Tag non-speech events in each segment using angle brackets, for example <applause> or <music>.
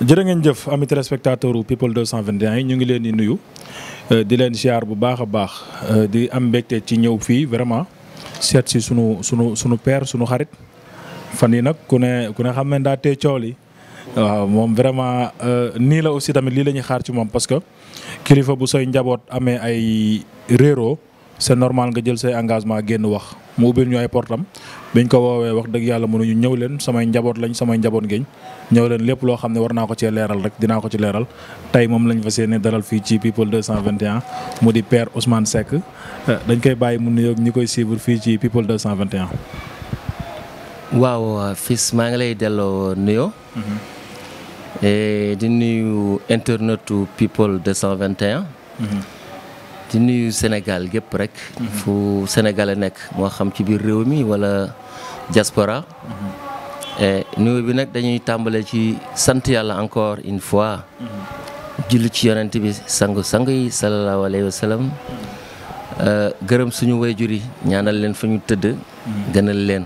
jërë ngeen jëf ami téléspectateur people 221 yi ñu ngi leen di nuyu euh, di leen siyaar bu baax a baax euh, di am mbégte ci ñëw fii vraiment seet si sunu sunu sunu père sunu xarit fan yi nag ku ne ku ne xam ne daa tee coow waaw moom vraiment euh, nii la aussi tamit lii la ñuy xaar ci moom parce que kilifa bu say njaboot amee ay réero c'est normal nga jël say engagement génn wax mu ubbil ñu ay portam biñ ko woowee wax dëgg yàlla mënuñu ñëw leen samay njaboot lañ samay njaboot ngeen ñëw leen lépp loo xam ne war naa ko cee leeral rek dinaa ko ci leeral tey moom lañ fas yéene daral fii ci people 221 mu di père Ousmane Seck eh, dañ koy bàyyi mu nuyoog ñi koy suivre fii ci people 221. waaw fiis maa ngi lay delloo nuyoo. Mm-hmm. Eh, di nuyu internetu people 221. Mm-hmm. di nuyu Sénégal gépp rek. Mm-hmm. fu Sénégalais nekk moo xam ci biir réew mi wala jaspora Eh, nuyu bi nag dañuy tàmbale ci sant yàlla encore une fois julli ci yonent bi sangu sangu yi salallaahu alayhi eh, gërëm suñu wayjur yi ñaanal leen fu ñu tëdd gënal leen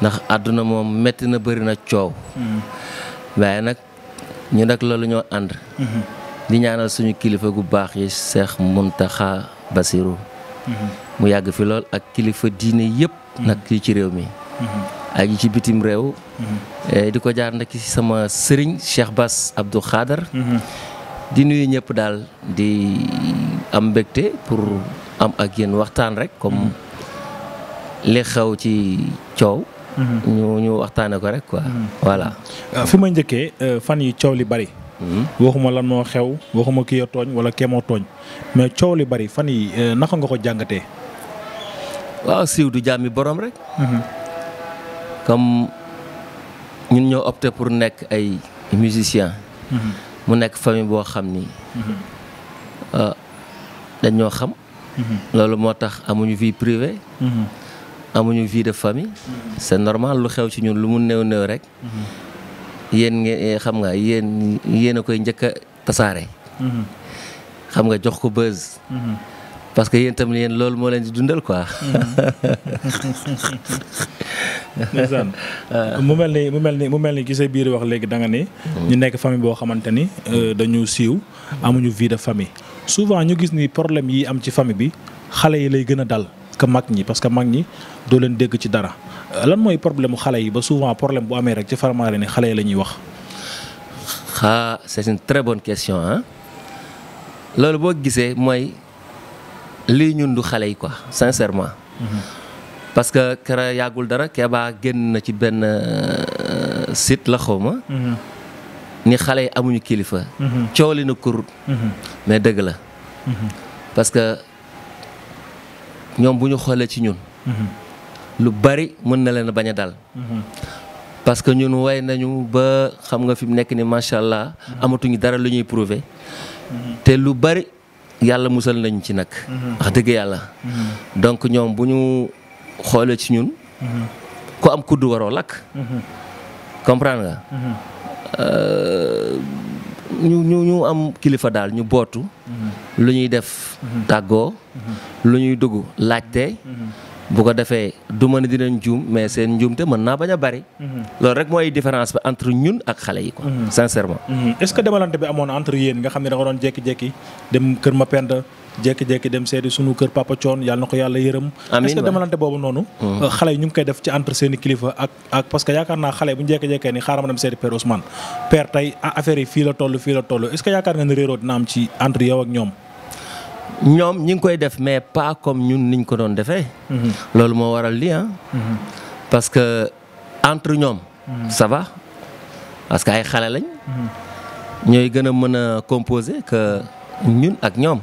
ndax àdduna moom metti na bëri na coow waaye nag ñu nag loolu ñoo ànd di ñaanal suñu kilifa gu baax yi Seex Muntaxa Basiru mu yàgg fi lool ak kilifa diine yëpp nag yi ci réew mi ak yi ci bitim réew. Mm-hmm. Eh, di ko jaar nag ci sama sëriñ Cheikh Bass Abdou Khader. Mm-hmm. di nuyu ñëpp daal di am mbégte pour am ak yéen waxtaan rek comme mm-hmm. li xew ci coow. ñu ñu waxtaanee ko rek quoi. voilà. Euh, fi ma njëkkee euh, fan yi coow li bari. waxuma lan moo xew waxuma kii a tooñ wala kee moo tooñ mais coow li bari fan yi euh, naka nga ko jàngatee. waaw siiw du jàmmi borom rek. comme ñun ñoo opté pour nekk ay musiciens. Mhm. mu nekk famille boo xam ni. Mhm. Ah, dañ ñoo xam. Mhm. loolu moo tax amuñu vie privée. amuñu vie de famille. c'est normal lu xew ci ñun lu mu néew néew rek. yéen eh, xam nga yéen yéen a koy njëkk a tasaare. xam nga jox ko buzz. parce que yéen tamit yéen loolu moo leen di dundal quoi. <laughs> ndeysaan <laughs> mu mel ni mu mel ni mu mel ni gisee biir wax léegi danga nga ni hmm. ñu nekk famille boo xamante ni euh, hmm. dañu siiw amuñu vie de famille souvent ñu gis ni problème yi am ci famille bi xale yi lay gën a dal que mag ñi parce que mag ñi doo leen dégg ci dara euh, lan mooy problème xale yi ba souvent problème bu amee rek ci farmaare ni xale yi la ñuy wax ah c'est une très bonne question loolu boo gisee mooy lii ñun du xale yi ko sincèrement mm-hmm. parce que kera yàggul dara Keba génn na ci benn euh, site la xaw ma mhm. ni xale yi amuñu kilifa mhm. coow li na kur mhm. mais dëgg la parce que ñoom bu ñu xoolee ci ñun lu bari mën na leen bañ a dal parce que ñun way nañu ba xam nga fi mu nekk ni macha allah amatuñu dara lu ñuy prouver te lu bari yàlla musal nañu ci nag wax dëgg yàlla donc ñoom bu ñu xoolee ci ñun. ku am kuddu waroo lakk. comprendre nga. Euh, ñu ñu ñu am kilifa daal ñu bootu. lu ñuy def. tàggoo. lu ñuy dugg laajte. bu ko defee du ma ne dinañ juum mais seen njuumte mën naa bañ a bari. loolu rek mooy différence bi entre ñun ak xale yi quoi. sincèrement. est-ce que bi amoon entre yéen nga xam ne da doon jékki-jékki dem kër Mapenda. jékki-jékki dem seeti sunu kër papa Thion yàlla na ko yàlla yërëm est-ce que demalante boobu noonu mm-hmm. euh, xale yi ñu ngi koy def ci entre seen i kilifa ak ak parce que yaakaar naa xale bu ñu jékki-jékkee ni xaaral ma dem seeti père Ousmane père tey affaire yi fii la toll fii la toll est-ce que yaakaar nga ni réeroo dina am ci entre yow ak ñoom ñoom ñi ngi koy def mais pas comme ñun niñ ko doon defee mm-hmm. loolu moo waral lii ah entre ñoom ça va ay xale lañ ñooy a mën a ñun ak ñoom.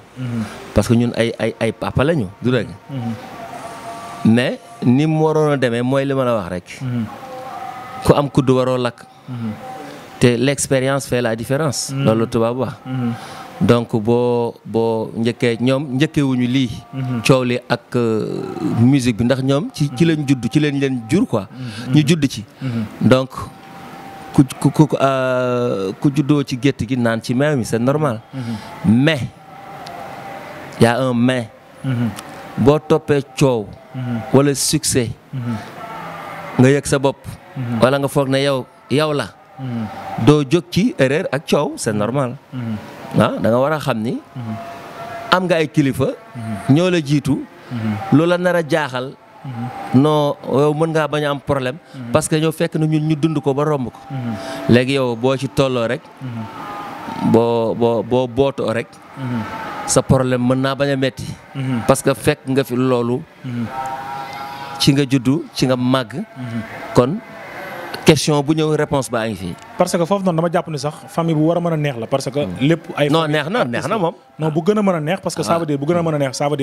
parce que ñun ay ay ay papa lañu du dëgg. mais ni mu waroon demee mooy li ma la wax rek. ku am kudd waroo lakk. te l'expérience fait la différence. loolu tubaab wax. donc boo boo njëkkee ñoom njëkkewuñu lii. coow li ak euh, musique bi ndax ñoom ci ci lañ ci lañ leen jur quoi. ñu judd ci donc. ku ku ku euh, ci gétt gi naan ci meew mi c'est normal. Mhm. mais y a un mhm. boo toppee coow. Mhm. wala succès. nga yëg sa bopp. wala nga foog ne yow yow la. doo jóg ci erreur ak coow c'est normal. ah da nga xam ni. am nga ay ñoo la jiitu. lu la jaaxal. no yow mën ngaa bañ am problème. Mhm. parce que ñoo fekk na ñun ñu dund ko ba romb ko. Mhm. léegi yow boo ci tolloo rek. Mhm. boo boo boo bootoo rek. sa problème mën naa bañ a metti parce que fekk nga fi loolu. ci nga juddu ci nga màgg. kon. question bu ñëw réponse baa ngi fii. parce que foofu noonu dama jàpp ni sax famille bu war a mën a neex la parce que. Hmm. lépp ay non neex na moom. bu gën a mën a neex parce que ça ah. bu gën a mën a neex ça veut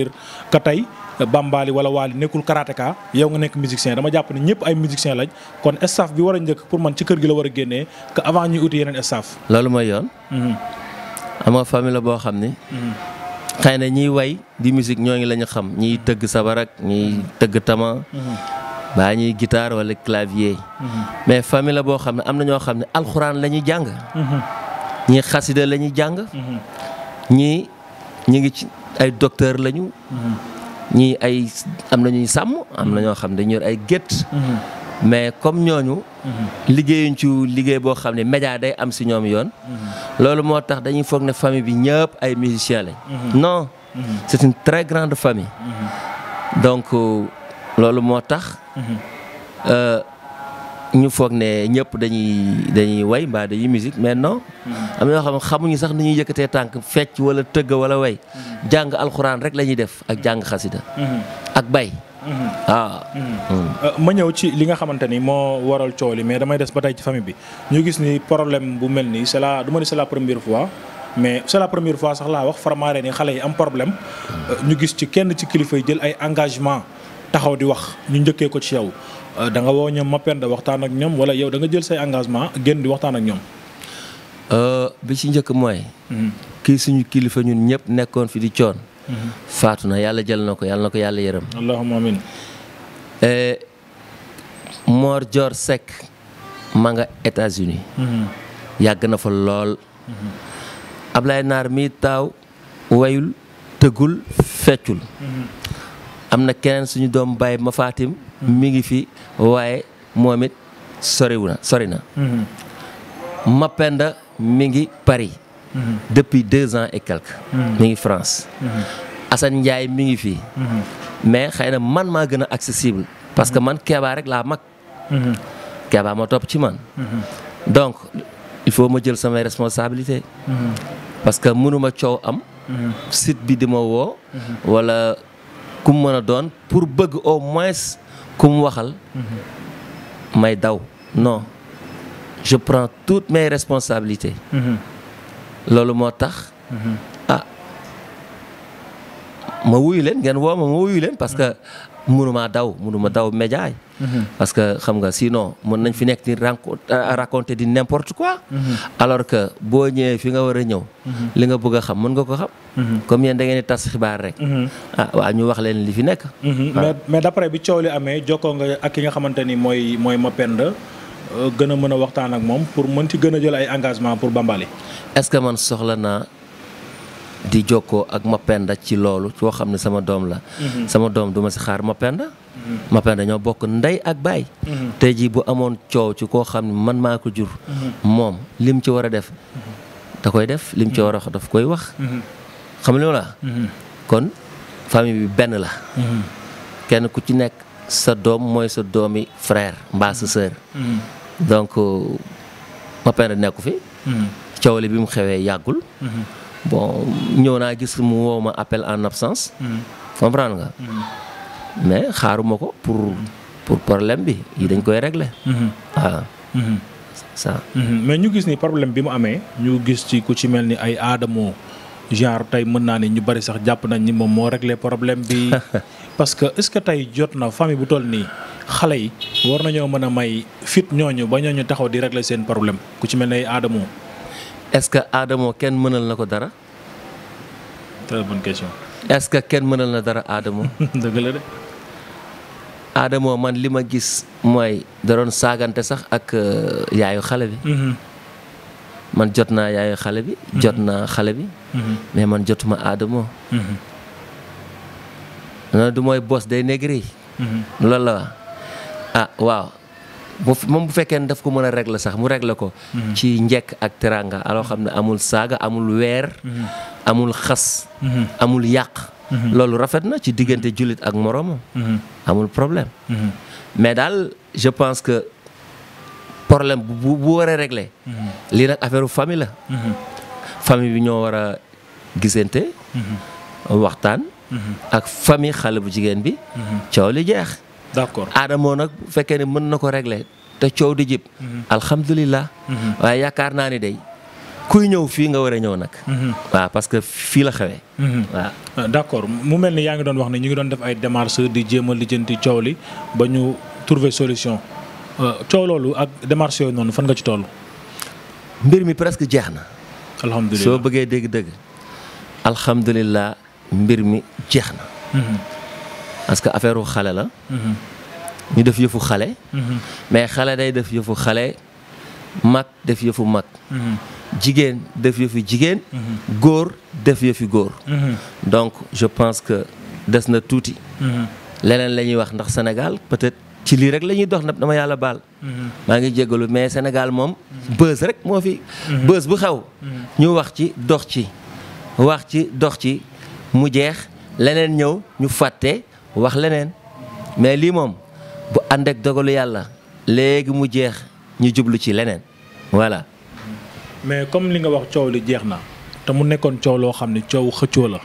tey Bambaali wala Waali nekkul karatéka yow nga nekk musicien dama jàpp ni ñëpp ay musicien lañ kon staff bi war njëkk pour man ci kër gi la war génnee que avant ñuy uti yeneen staff. loolu mooy yoon. Hmm. am nga famille boo xam ni. Hmm. xëy na baa ñuy guitare wala clavier. Mm-hmm. mais famille la boo xam ne am na ñoo xam ne alxuraan la ñuy jàng. Mm-hmm. ñii xasida lañuy jàng. Mm-hmm. ñii ñu ngi ci ay docteur lañu. ñii ay am na ñuy sàmm am na ñoo xam ne dañu ay gétt. mais comme ñooñu. liggéeyuñ ci liggéey boo xam ne média day am si ñoom yoon. loolu moo tax dañuy foog ne famille bi ñëpp ay musiciens lañ. non. c'est une très grande donc. Euh, loolu moo tax. Euh, ñu foog ne ñëpp dañuy dañuy way mbaa dañuy musique mais non. am na xamuñu sax ni ñuy yëkkatee tànk fecc wala tëgg wala way. jàng alxuraan rek la ñuy def ak jàng xasida ak bay. ah. ma ñëw ci li nga xamante ni moo waral coow li mais damay des ba tey ci famille bi ñu gis ni problème bu mel ni c'est la du ma ni c'est la première fois mais c'est la première fois sax laa wax faramaare ni xale yi am problème euh, ñu gis ci kenn ci kilifa yi jël ay engagement taxaw di wax ñu njëkkee ko ci yaw euh, da nga woo ñoom waxtaan ak ñoom wala yow da nga jël say engagement génn di waxtaan ak ñoom. Euh, bi ci njëkk mooy. Mhm. kii suñu kilifa ñun ñëpp nekkoon fi di coon. Mhm. faatu na yàlla jël na ko yàlla ko yàlla yërëm. allahumma amin. Euh, Mor Dior Seck ma nga États-Unis mhm. yàgg na fa lool. Ablaye Naar mii taaw wayul tëggul feccul. am na keneen suñu doom baay ma Fatim mi ngi fi waaye moom it soriwu na sori na mm-hmm. Mapenda mi ngi Paris mm-hmm. depuis deux ans et quelques mm-hmm. mi ngi France Assane Ndiaye mi ngi fii mais xëy na man maa gën a parce que man Kéba rek laa mag Kéba ma topp ci man donc il faut ma jël samay responsabilité parce que mënuma coow am site bi di ma woo wala ku mu mën doon pour bëgg au moins ku mu waxal. may daw non je prends toutes mes responsabilités. loolu moo tax. ah ma wuyu leen ngeen woo ma wuyu leen parce que. mënumaa daw mënuma daw média yi mhm. parce que xam nga sinon mën nañ fi nekk di euh, raconter di n'importe quoi mhm. alors que boo ñëwee fi nga war a ñëw mhm. li nga bëgg a xam mën nga ko xam comme yéen da ngeen di tas xibaar rek ah waa ñu wax leen li fi nekk ah. mais mais d'après bi coow li amee jokkoo nga ak ki nga xamante mooy mooy Mapenda euh, gën a mën a waxtaan ak moom pour mën ci gën a jël ay engagement pour Bambaly est-ce que man soxla naa di jokkoo ak Mapenda ci loolu koo xam ne sama doom la. Mhm. sama doom du ma si xaar Mapenda. Mapenda mhm. ñoo bokk ndey ak baay. Mhm. tey jii bu amoon coow ci koo xam ne man maa ko jur. moom lim ci war a def. da koy def lim ci war a wax koy wax. xam nga la benn la. kenn ku ci nekk sa doom mooy sa doomi frère mbaa sa sœur. donc euh, fi. coow li bi mu xewee yàggul. bon ñëw naa gis mu woo ma appel en absence. Mm. comprendre nga. Mm. mais xaaruma ko pour pour problème bi yi dañ koy régler. waaw. Mm-hmm. Mm-hmm. ça. Mm-hmm. mais ñu gis ni problème bi mu amee. ñu gis ci ku ci mel ni ay aadamoo genre tey mën naa ne ñu bari sax jàpp nañ ni moom moo régler problème bi <laughs> parce que est-ce que tey jot na famille bu toll nii xale yi war nañoo mën a may fit ñooñu ba ñooñu taxaw di régler seen problème ku ci mel ni ay aadamoo. est-ce que Adamo kenn mënal na ko dara. très ce que kenn mënal na dara Adamo. <laughs> dëgg de. Adamo man li ma gis mooy da doon saagante sax ak euh, yaayu xale bi. Mhm. man jot naa yaayu xale bi. Mhm. jot naa xale bi. Mhm. mais man jotuma Adamo. non du mooy bos day négri. loolu la ah, waaw. bu moom bu fekkee ne daf ko mën a régler sax mu régler ko. Mhm. ci njekk ak teranga aloo xam ne amul saaga amul weer. Mhm. amul xas. Mhm. amul yàq. loolu rafet na ci diggante jullit ak moroomam. amul problème. mais daal je pense que problème bu bu waree régler. lii nag affaire famille la. famille bi ñoo war a gisante. waxtaan. ak famille xale bu jigéen bi. coow li jeex. d'accord aadamoo nag bu fekkee ne mën na ko régler te coow di jib mhm. alhamdulilah mhm. waaye yaakaar naa ni day kuy ñëw fii nga war a ñëw nag mhm. waaw parce que fii la xewee waaw ah, d'accord mu mel ni yaa ngi doon wax ne ñu ngi doon def ay démarches di jéem a lijjanti coow li ba ñu trouver solution euh, coow loolu ak démarches yooyu noonu fan nga ci toll mbir mi presque jeex na alhamdulilah soo bëggee dégg-dëgg alhamdulilah mbir mi jeex na parce que affaire u xale la. ñu def yëfu xale. mais xale day def yëfu xale mag def yëfu mag. jigéen def yëfu jigéen. góor def yëfu góor. donc je pense que des na tuuti. leneen la ñuy wax ndax Sénégal peut-être ci lii rek lañuy ñuy dox nag dama yàlla baal. maa ngi jégalu mais Sénégal moom. bës rek moo fi. bës bu xew. ñu wax ci dox ci. wax ci dox ci mu jeex leneen ñëw ñu fàtte. wax leneen mais lii moom bu ànd ak dogalu yàlla léegi mu jeex ñu jublu ci leneen voilà. mais comme li nga wax coow li jeex na te mu nekkoon coow loo xam ne coow xëccoo la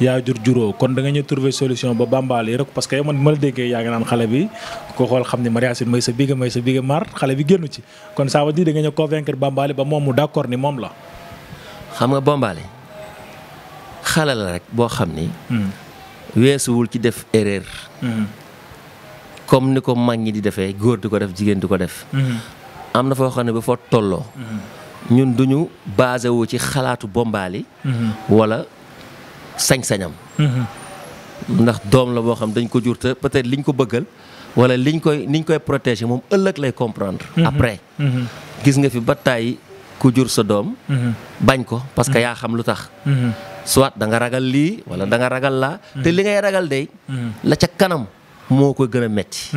yaa jur juróo kon da nga ñu trouver solution ba bambaal yi rek parce que yow man ma la déggee yaa ngi naan xale bi ko xool xam ne mariage bi may sa biga may sa biga mar xale bi génnu ci kon ça veut dire da nga ñu convaincre bambaali ba moom mu d'accord ni moom la. xam nga bambaali xale la rek boo xam ni. Hmm. weesuwul ci def erreur. Mm-hmm. comme ni ko mag ñi di defee góor di ko def jigéen di ko def. Mm-hmm. am na foo xam ne ba foo tolloo. Mm-hmm. ñun du ñu basé wu ci xalaatu Bombali. wala sañ-sañam. ndax doom la boo xam dañ ko jur te peut-être liñ ko bëggal wala liñ koy niñ koy protéger moom ëllëg lay comprendre. après gis nga fi ba tàyyi ku jur sa doom. Mhm. bañ ko parce que mhm. yaa xam lu tax. Mhm. soit da nga ragal lii wala da nga ragal laa. te li ngay ragal de. la ca kanam moo ko gën a metti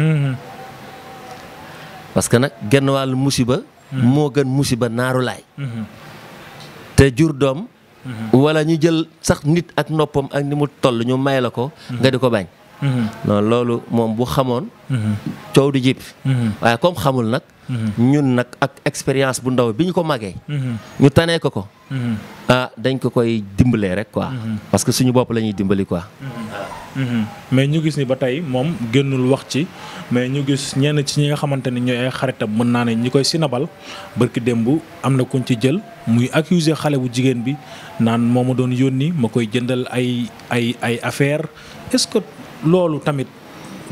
parce nag genn wàll musiba. moo gën musiba naaru laay. te jur doom. wala ñu jël sax nit ak noppam ak ni mu toll ñu may la ko. nga di ko bañ. non loolu moom bu xamoon. coow du jib. waaye comme xamul nag. ñun nag ak expérience bu ndaw bi ñu ko màggee. ñu tanee ko ko. ah dañ ko koy dimbalee rek quoi. parce que suñu bopp la ñuy dimbali quoi. mais ñu gis ni ba tey moom génnul wax ci mais ñu gis ñenn ci ñi nga xamante ni ñooy ay xaritam mën naa ne ñi koy sinabal barki démb am na kuñ ci jël muy accuser xale bu jigéen bi naan moo ma doon yónni ma koy jëndal ay ay ay affaire est loolu tamit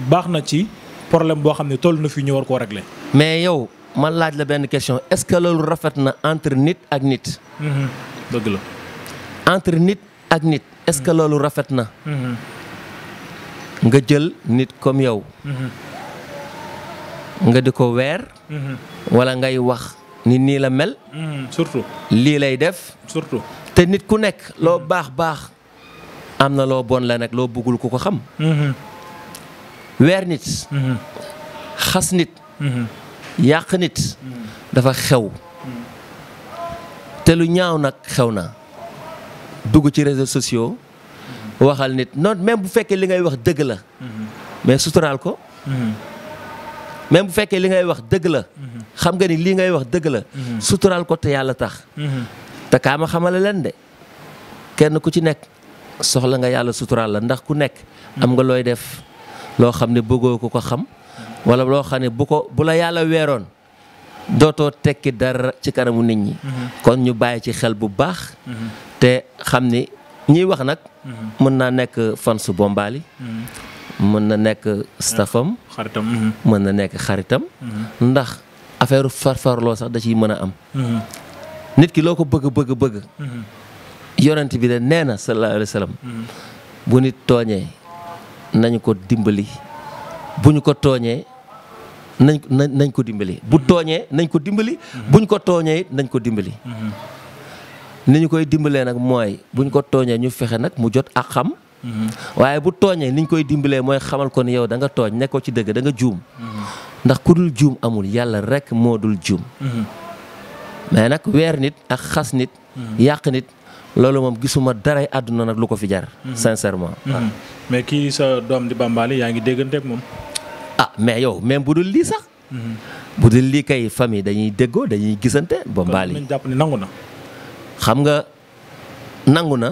baax na ci problème boo xam ne toll na fi ñu war koo régler. mais yow man laaj la benn question est-ce que rafet na entre nit ak nit. Mhm. dëgg la. nit ak nit est-ce que loolu rafet na. Mhm. nga jël nit comme yow. Mhm. nga di ko weer. wala ngay wax ni nii la mel. surtout lii lay def. surtout te nit ku nekk loo baax baax. am na loo bon la nag loo bëggul ku ko xam mm-hmm. weer nit mm-hmm. xas nit mm-hmm. yàq nit dafa xew te lu ñaaw nag xew na dugg ci réseaux sociaux waxal nit non même bu fekkee li ngay wax dëgg la ko même bu fekkee li ngay wax dëgg la xam nga ni lii ngay wax dëgg la suturaal ko te yàlla tax te kaa ma leen de kenn ku ci nekk soxla nga yàlla suturaal la ndax ku nekk am nga looy def loo xam ne bëggoo ko ko xam wala loo xam ne bu ko bu la yàlla weeroon dootoo tekki dara ci kanamu nit ñi mm-hmm. kon ñu bàyyi ci xel bu baax mm-hmm. te xam ni ñuy wax nag mm-hmm. mën naa nekk fan su bombaali mën na nekk stafam xaritam mën na nekk xaritam ndax affaire farfarloo sax da ciy mën a am nit ki loo ko bëgg bëgg bëgg yonent bi de nee na sallallahu alayhi wa sallam bu nit tooñee nañ ko dimbali bu ñu ko tooñee nañ nañ ko dimbali bu tooñee nañ ko dimbali buñ ko tooñee nañ ko dimbali ni ñu koy dimbalee nag mooy buñ ko tooñee ñu fexe nag mu jot ak xam waaye bu tooñee ni ñu koy dimbalee mooy xamal ko ni yow da nga tooñ nekkoo ci dëgg da nga juum ndax ku dul juum amul yàlla rekk moo dul juum mm-hmm. mais nag weer nit ak xas nit mm-hmm. yàq nit loolu moom gisuma daray àdduna nag lu ko fi jar. Mhm. sincèrement. Mhm. Ah. mais kii sa doom di Bambaly yaa ngi déggante ak moom. ah mais yow même bu dul lii sax. Mhm. bu dul lii kay famille dañuy déggoo dañuy gisante Bambaly. kon jàpp ne nangu na. xam nga nangu na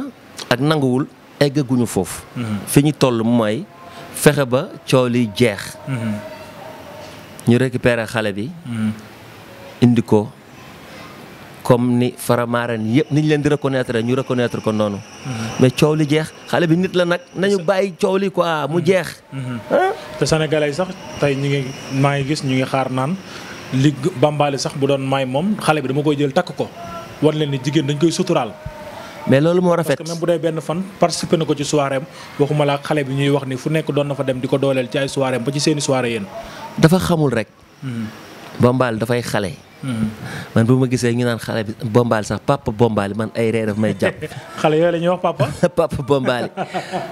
ak nanguwul eggaguñu foofu. fi ñu toll mooy fexe ba coow li jeex. ñu récupérer xale bi. indi ko. comme ni Faramaren yëpp ni ñu leen di reconnaître ñu reconnaître ko noonu. Mm-hmm. mais coow li jeex xale bi nit la nag nañu bàyyi coow li quoi mu mm-hmm. jeex. Mm-hmm. te sénégalais yi sax tey ñu ngi maa ngi gis ñu ngi xaar naan li bambali sax bu doon may moom xale bi dama koy jël takk ko wan leen ni jigéen dañ koy suturaal. mais loolu moo rafet parce bu dee benn fan participé na ko ci soirée am waxuma laa xale bi ñuy wax ni fu nekk doon na fa dem di ko dooleel ci ay soirée am ba ci seeni soirée yéen. dafa xamul rek. bambal dafay xale. Mm-hmm. man bu ma gisee ñu naan xale bi sax papa bombaali man ay ree ma may jàpp. <laughs> xale yooyu la ñuy wax papa. <laughs> papa bombaali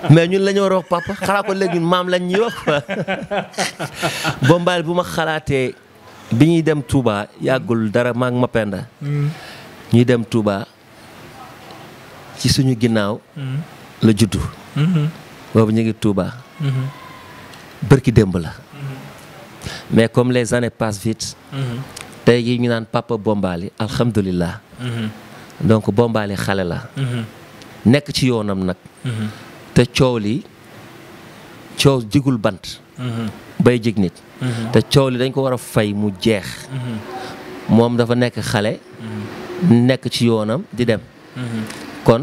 mais ñun la ñu war a wax papa xalaat ko léegi maam la ñuy wax quoi <laughs> bombaali bu ma xalaatee bi ñuy dem Touba yàggul dara maa ma penda. Mm-hmm. ñuy dem tuuba ci suñu ginnaaw. Mm-hmm. la juddu. boobu ñu ngi Touba. bërki démb la. mais comme les années passent vite. Mm tey jii ñu naan papa bombaali alhamdulilah. Mm-hmm. donc Bombali xale la. Mm-hmm. nekk ci yoonam nag. Mm-hmm. te coow li coow jigul bant. bay jig nit. te coow li dañ ko war a fay mu jeex. moom dafa nekk xale. nekk ci yoonam di dem. kon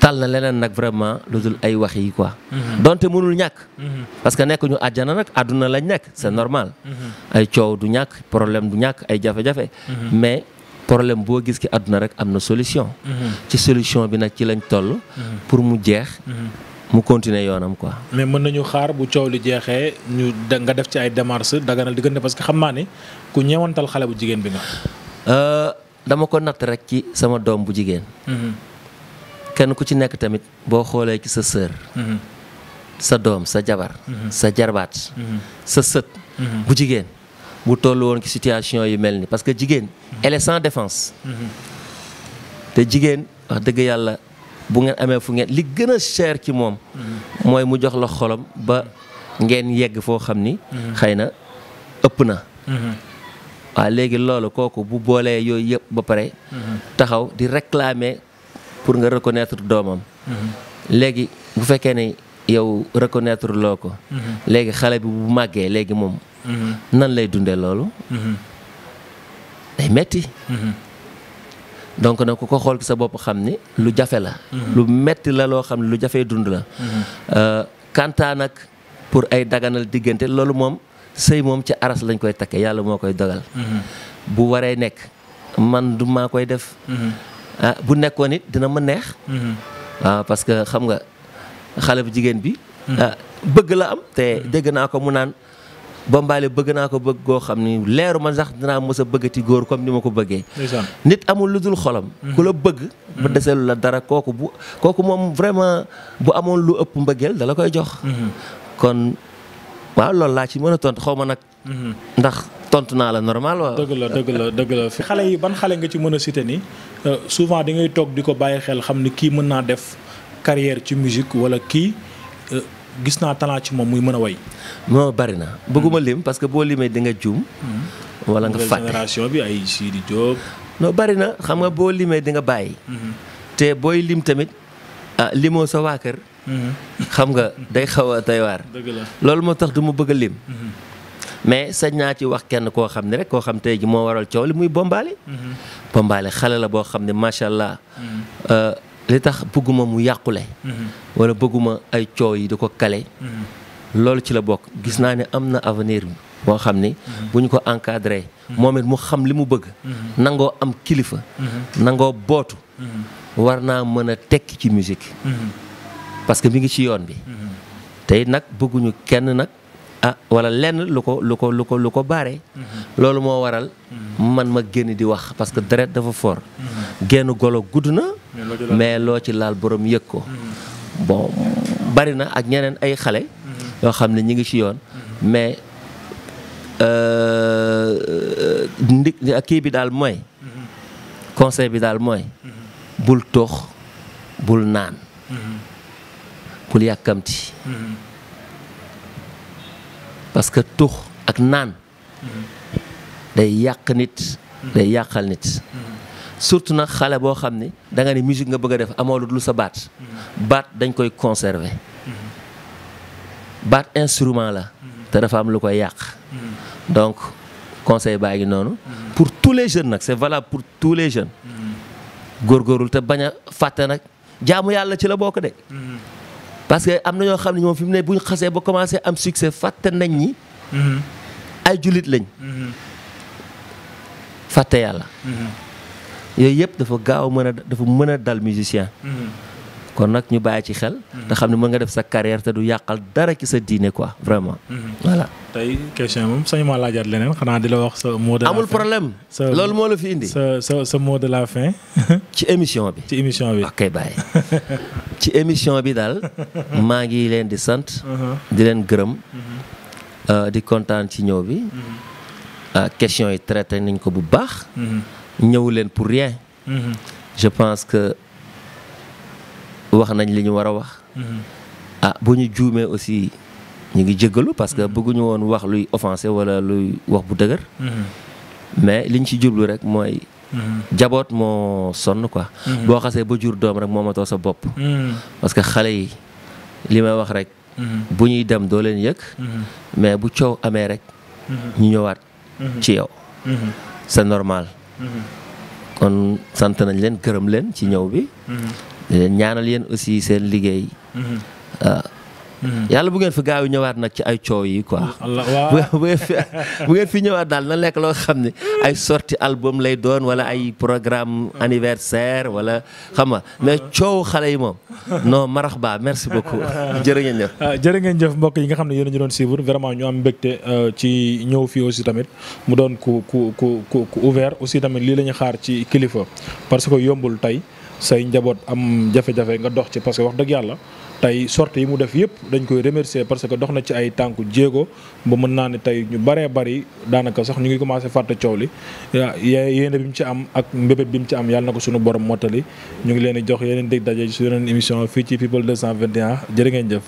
tal na leneen nag vraiment lu dul ay wax yi quoi. Mhm. donte mënul ñàkk. Mhm. parce nekk ñu àjjana nag àdduna lañ nekk c'est normal. Mhm. ay coow du ñàkk problème du ñàkk ay jafe-jafe. mais problème boo gis ki àdduna rek am na solution. ci solution bi nag ci lañ toll. pour mu jeex. mu continuer yoonam quoi. mais mën nañu xaar bu coow li jeexee ñu nga def ci ay démarches daganal diggante parce que xam naa ne ku ñeewantal xale bu jigéen bi nga. Euh, dama ko natt rek ci sama doom kenn ku ci nekk tamit boo xoolee ci sa sœur. Mm-hmm. sa doom sa jabar. Mm-hmm. sa jarbaat. Mm-hmm. sa sët. bu jigéen bu toll woon ci situation yu mel ni parce que jigéen elle est sans défense. te jigéen wax dëgg yàlla bu ngeen amee fu ngeen li gën a cher ci moom. mooy mu jox la xolam ba ngeen yegg foo xam ni. xëy na ëpp na. waaw léegi loolu kooku bu boolee yooyu yëpp ba pare. taxaw di réclamer. pour nga reconnaître doomam. léegi bu fekkee ne yow reconnaître loo ko. léegi xale bi bu màggee léegi moom. nan lay dundee loolu. day metti donc nag ku ko xool ci sa bopp xam ni lu jafe la. lu metti la loo xam ne lu jafee dund la. kantaa euh, nag pour ay daganal diggante loolu moom sëy moom ci aras lañ koy takke yàlla moo koy dogal. Mhm. bu waree nekk man du maa koy def. Mhm. ah bu nekkoon it dina ma neex. waaw mhm. ah, parce que xam nga xale bu jigéen bi. Mhm. Ah, bëgg la am te mhm. dégg naa ko mu naan. Bombaale bëgg naa ko bëgg goo xam ni leeru ma sax dinaa mës a bëggati góor comme ni ma ko bëggee. nit amul lu dul xolam. ku la bëgg. ba deselu la dara kooku bu kooku moom vraiment bu amoon lu ëpp mbëggeel dala koy jox. kon waaw loolu laa ci mën a tontu xaw ma nag. ndax. tontu naa la normal waaw. la dëgg fi xale yi ban xale nga ci mën a citer ni euh, souvent da ngay toog di ko bàyyi xel xam ni kii mën naa def carrière ci musique wala kii euh, gis naa talent ci moom muy mën a way. moo bari na bëgguma hmm. lim parce que boo limee di nga juum. Hmm. wala nga fàtte génération bi ay Sidi Diop. bari na xam nga boo limee di nga bàyyi. Hmm. te booy lim tamit ah limoo sa waa kër. xam nga day xaw a tey waar. dëgg loolu moo tax du ma bëgg a lim. mais sañ naa ci wax kenn koo xam ne rek koo xam tey ji moo waral coow li muy bombaale. Mm-hmm. bombaale xale la boo xam ne macha allah. Mm-hmm. Euh, li tax bëgguma mu yàqule. Mm-hmm. wala bëgguma ay coow yi di ko kale. loolu ci la bokk gis naa ni am na avenir moo xam ni. bu ñu ko encadré. moom it mu xam li mu bëgg. nangoo am kilifa. nangoo bootu. war naa mën a tekki ci musique parce que mi ngi ci yoon bi. tey nag bëgguñu kenn nag. ah wala lenn lu ko lu ko lu ko lu ko baare mm-hmm. loolu moo waral mm-hmm. man ma génn di wax parce que deret dafa fort mm-hmm. génn golo gudd na mais loo ci laal boroom yëg ko bon bari na ak ñeneen ay xale yoo xam ne ñi ngi ci yoon mais euh, ndi kii bi daal mooy conseil bi daal mooy bul toox bul naan bul yàkkamti parce que tux ak naan day yàq nit day yàqal nit surtout nag xale boo xam ni da nga ne musique nga bëgg a def amoo lu dul sa baat baat dañ koy conserver baat instrument la te dafa am lu koy yàq donc conseil baa ngi noonu pour tous les jeunes nag c'est valable pour tous les jeunes góorgóorlu te bañ a fàtte nag jaamu yàlla ci la bokk de parce que am na ñoo xam ne ñoom fi mu ne bu ñu xasee ba commencé am succès fàtte nañ ñi. Mm-hmm. ay jullit lañ. Mm-hmm. fàtte yàlla. Mm-hmm. yooyu yëpp dafa gaaw mën a dafa mën a dal musicien. kon nag ñu bàyyi ci xel. Mhm. te xam ne mën nga def sa carrière te du yàqal dara ci sa diine quoi vraiment. Mhm. voilà tey question moom sañ ma la wax sa mot de la fin amul problème. loolu moo la fi sa sa de la fin. <laughs> ci émission bi. ci émission bi ok bàyyi ci émission bi daal <laughs> maa ngi leen di sant. Uh-huh. di leen gërëm. Uh-huh. Uh, di kontaan ci ñëw bi. Uh-huh. Uh, question yi traité nañ ko bu baax. ñëw leen pour rien. je pense wax nañ li ñu war a wax. Mhm. ah bu ñu juumee aussi ñu ngi jéggalu parce que mhm. bëgguñu woon wax luy offensé wala luy wax bu dëgër. Mhm. mais liñ ci jublu rek mooy. jaboot moo sonn ko boo xasee ba jur doom rek moo moomatoo sa bopp. parce que xale yi li may wax rek. bu ñuy dem doo leen yëg. mais bu coow amee rek. ñu ñëwaat. ci yow. sa normal. kon sant nañ leen gërëm leen ci ñëw bi. ñaanal yéen aussi seen liggéey. Ah. yàlla bu ngeen fi gaaw ñëwaat nag ci ay coow yi quoi. <laughs> bu ngeen fi ñëwaat daal na lekk loo xam ne ay sorti album lay doon wala ay programme anniversaire wala xam nga mais coow xale yi moom non marax ba merci beaucoup <laughs> jërë ngeen jëf. Ah, jërë ngeen jëf mbokk yi nga xam ne yéen a ñu doon suivre vraiment ñu am mbégte euh, ci ñëw fii aussi tamit mu doon ku ku ku ku ouvert aussi tamit lii la xaar ci kilifa parce que yombul tey. say njaboot am jafe-jafe nga dox ci parce que wax dëgg yàlla tey sortie yi mu def yëpp dañ koy remercier parce que dox na ci ay tànku jéego ba mën naa ne tey ñu baree bari daanaka sax ñu ngi commencé fàtte coow li yéene bi mu ci am ak mbébét bi mu ci am yàlla na ko suñu borom mottali ñu ngi leen di jox yeneen dig daje su yeneen émission fii ci People 221 jërë ngeen jëf